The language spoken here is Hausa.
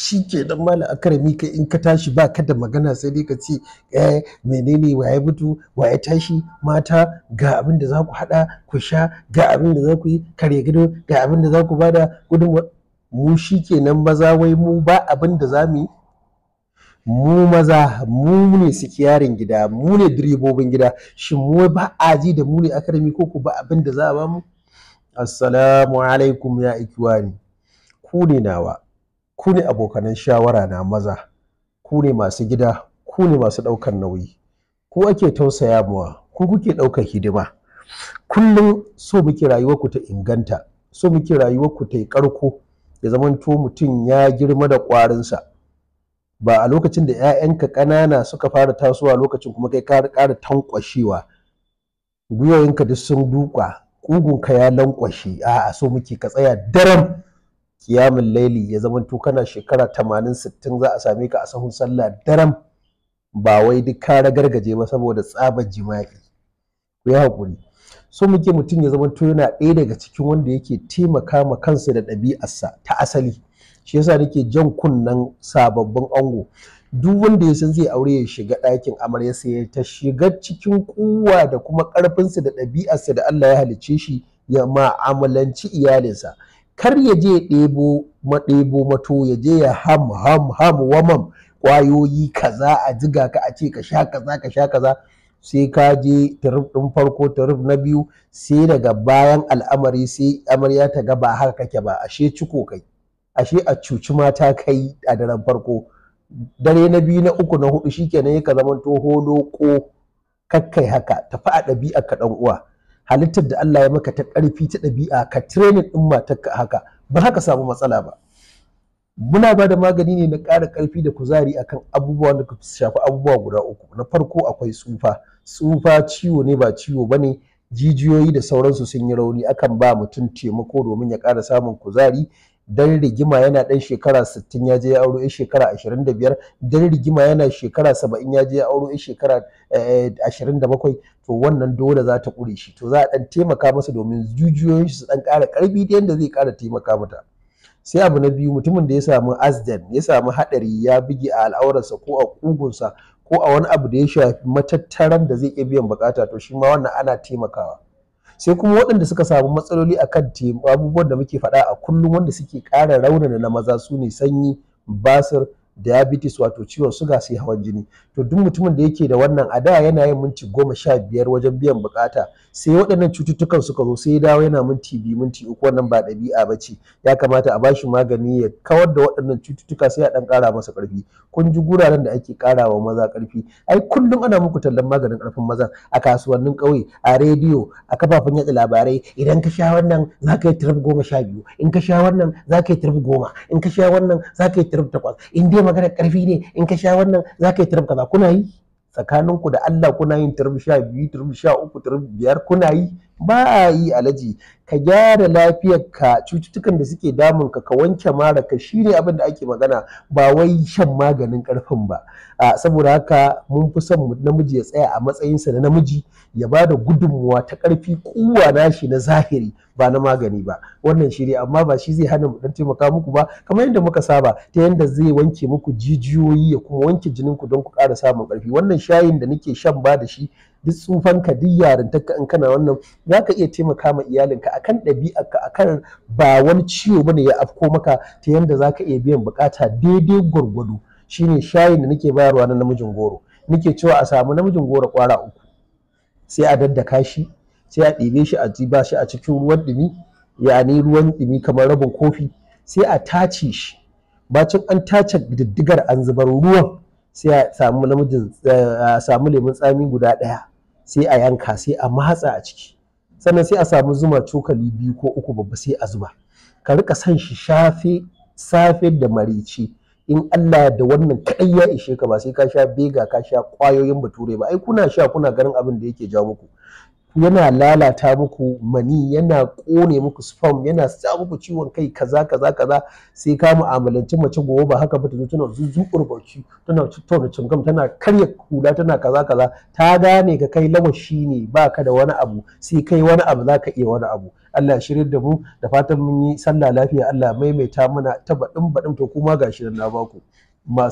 shi ke dan mala akarami ka in ka tashi ba ka da magana sai dai ka ce eh menene waye mutu waye tashi mata ga abin da za ku hada ku sha ga abin da za ku yi kare gido ga abin da za ku bada gudun mu shi ke nan maza wai mu ba abin da za mu yi mu maza mu ne sikiyarin gida mu ne direbobin gida shi mu ba a ji da mu ne akarami ko ku ba abin da za a ba mu assalamu alaikum ya ikiwani ku ne nawa ku ne abokanan shawara na maza ku ne masu gida ku ne masu ɗaukar nauyi ku ake tausaya mawa ku kuke ɗaukar hidima kullum so muke ku ta inganta so muke ku ta yi ƙarko ya zamanto mutum ya girma da ƙwarinsa ba a lokacin da 'ya'yanka ƙanana suka fara tasowa lokacin kuma kai ƙara tankwashewa gwiwoyinka duk sun duka ƙugunka ya lankwashe a'a so muke ka tsaya daram kiyamun laili ya zamanto kana shekara 80 60 za a same ka a sahun sallah daram ba wai duk ka ragargaje ba saboda tsabar jima'i ku yi haƙuri so muke mutum ya zamanto yana ɗaya daga cikin wanda yake taimaka ma kansa da ɗabi'arsa ta asali shi yasa nake jan kunnen sababbin ango duk wanda ya san zai aure ya shiga ɗakin amarya sai ya ta shiga cikin kuwa da kuma ƙarfinsa da ɗabi'arsa da Allah ya halicce shi ya ma'amalanci iyalinsa kar ya je ɗebo maɗebo mato ya je ya ham ham ham wamam ƙwayoyi kaza a jiga ka a ce ka sha kaza ka sha kaza sai ka je tarif ɗin farko tarif na biyu sai daga bayan al'amari sai amarya ta ga ba haka kake ba ashe ciko kai ashe a cuci mata kai a daren farko dare na biyu na uku na hudu shikenan yaka zamanto holo ko kakkai haka tafi a ɗabi'a ka ɗan uwa halittar da Allah ya maka ta ƙarfi ta ɗabi'a ka training ɗin matarka haka ba haka samu matsala ba muna ba da magani ne na ƙara ƙarfi da kuzari akan abubuwan da shafi abubuwa guda uku na farko akwai tsufa tsufa ciwo ne ba ciwo ba ne jijiyoyi da sauransu sun yi rauni akan ba mutum taimako domin ya ƙara samun kuzari dan rigima yana dan shekara 60 ya je ya auro shekara 25 dan rigima yana shekara 70 ya je ya auro shekara 27 eh, to wannan dole za ta kure shi to za a dan taimaka masa domin jujuyoyin shi su dan ƙara ƙarfi da yanda zai ƙara taimaka mata sai abu na biyu mutumin da ya samu asdan ya samu hadari ya bige a al'aurarsa ko a kugunsa ko a wani abu da ya shafi matattaran da zai iya biyan bukata to shi ma wannan ana taimakawa sai kuma waɗanda suka samu matsaloli a akan abubuwan da muke faɗa a kullum wanda suke ƙara raunana na maza su ne sanyi basir diabetes wato ciwon suga sai hawan jini to duk mutumin da yake da wannan a da yana yin minti goma sha biyar wajen biyan bukata sai waɗannan cututtukan suka zo sai dawo yana minti biyu minti uku wannan ba ɗabi'a ba ce ya kamata a bashi magani ya kawar da waɗannan cututtuka sai a ɗan ƙara masa ƙarfi kun ji guraren da ake ƙara maza ƙarfi ai kullum ana muku tallan maganin ƙarfin maza a kasuwannin ƙauye a rediyo a kafafen yatsa labarai idan ka sha wannan za ka yi tirif goma sha biyu in ka sha wannan za ka yi tirif goma in ka sha wannan za yi takwas in dai magana karfi ne in ka sha wannan za ka yi kaza kuna yi tsakaninku da Allah kuna yin turb sha biyu sha uku turb biyar kuna yi ba a yi alaji ka gyara lafiyar ka cututtukan da suke damun ka ka wanke mara ka shine abin da ake magana ba wai shan maganin karfin ba saboda haka mun fi son namiji ya tsaya a matsayinsa na namiji ya ba da gudunmuwa ta karfi kuwa nashi na zahiri ba na magani ba wannan shi ne amma ba shi zai hana mu dan taimaka muku ba kamar yadda muka saba ta yadda zai wanke muku jijiyoyi ya kuma wanke jininku don ku ƙara samun karfi wannan shayin da nake shan ba da shi duk tsufanka duk yarintarka in kana wannan za ka iya taimaka ma iyalinka akan ɗabi'arka akan ba wani ciwo ne ya afko maka ta yadda za ka iya biyan bukata daidai gwargwado shine shayin da nake bayarwa na namijin goro nake cewa a samu namijin goro kwara uku sai a daddaka shi sai a ɗebe shi a ziba shi a cikin ruwan ɗumi yani ruwan ɗumi kamar rabin kofi sai a tace shi bacin an tace diddigar an zubar ruwan sai a samu eh, lemun tsami guda ɗaya sai a yanka sai a matsa a ciki sannan sai a samu zuma cokali biyu ko uku babba sai a zuba ka rika san shi shafe safe da marici in Allah da wannan kaɗai ya ishe ka ba sai ka sha bega ka sha kwayoyin bature ba ai kuna sha kuna ganin abin da yake jawo muku yana lalata muku mani yana kone muku sperm yana sa muku ciwon kai kaza kaza kaza sai ka mu'amalanci mace gobe ba haka ba ta tana zuzuƙur tana tauna cungam tana karya kula, tana kaza kaza ta gane ka kai lawashi ne baka da wani abu sai kai wani abu za ka iya wani abu Allah ya shirin da mu da fatan mun yi sallah lafiya Allah maimaita mana ta baɗin baɗin to kuma gashi na baku ma